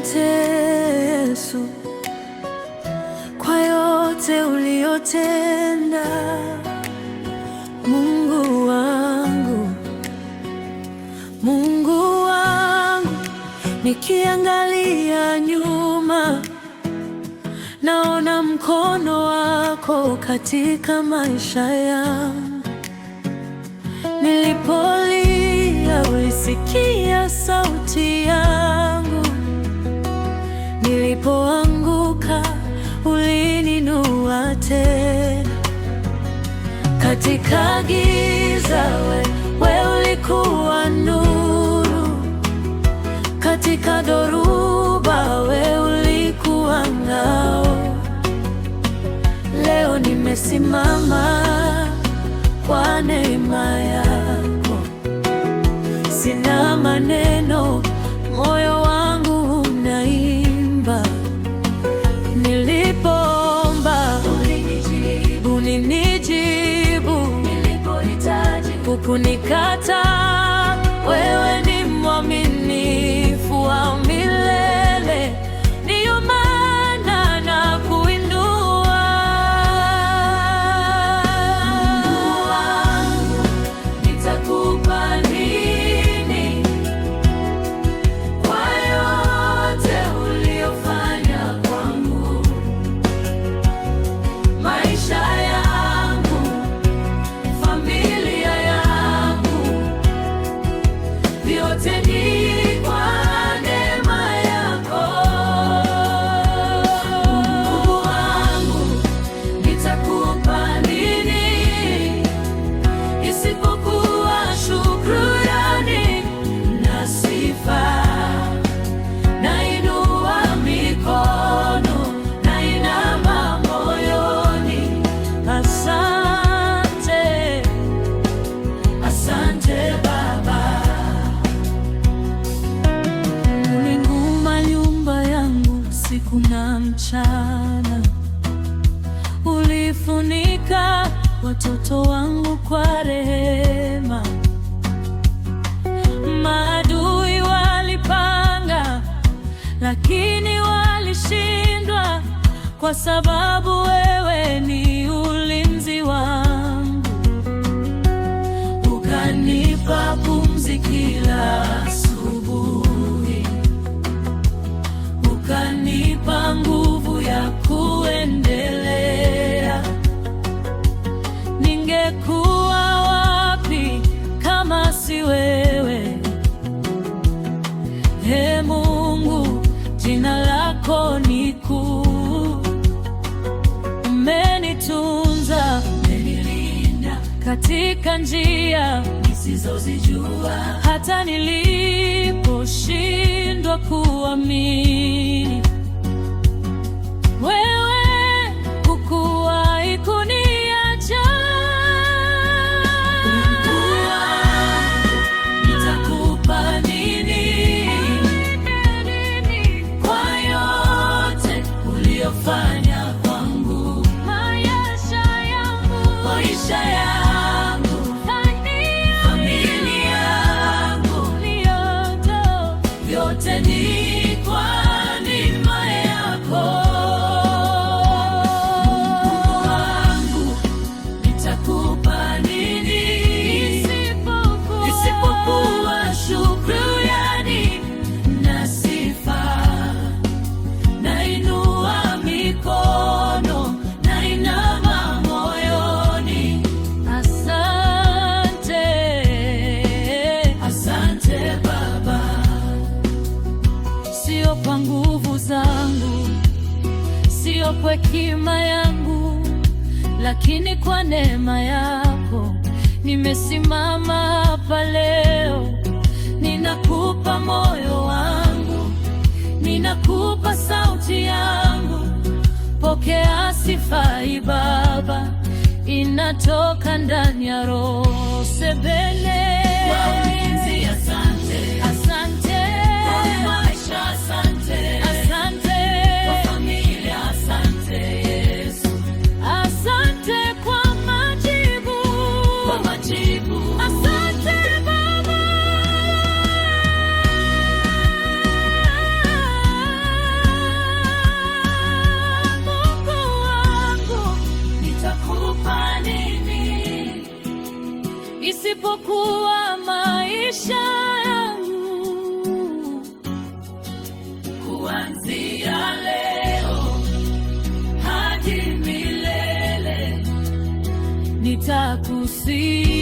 Asante Yesu kwa yote uliyotenda, Mungu wangu, Mungu wangu. Nikiangalia nyuma, naona mkono wako katika maisha yangu. Nilipolia ulisikia sauti yangu. Nilipoanguka ulininua tena, katika giza we ulikuwa nuru, katika dhoruba we ulikuwa ngao. Leo nimesimama kwa neema yako, sina maneno kunikata vyote ni kuna mchana, ulifunika watoto wangu kwa rehema. Maadui walipanga, lakini walishindwa kwa sababu we ningekuwa wapi kama si wewe? Ee Mungu, jina lako ni kuu. Umenitunza, umenilinda katika njia nisizozijua, hata niliposhindwa kuamini sio kwa nguvu zangu, sio kwa hekima yangu, lakini kwa neema yako nimesimama hapa leo. Ninakupa moyo wangu, ninakupa sauti yangu. Pokea sifa Baba, inatoka ndani ya roho sebele to see.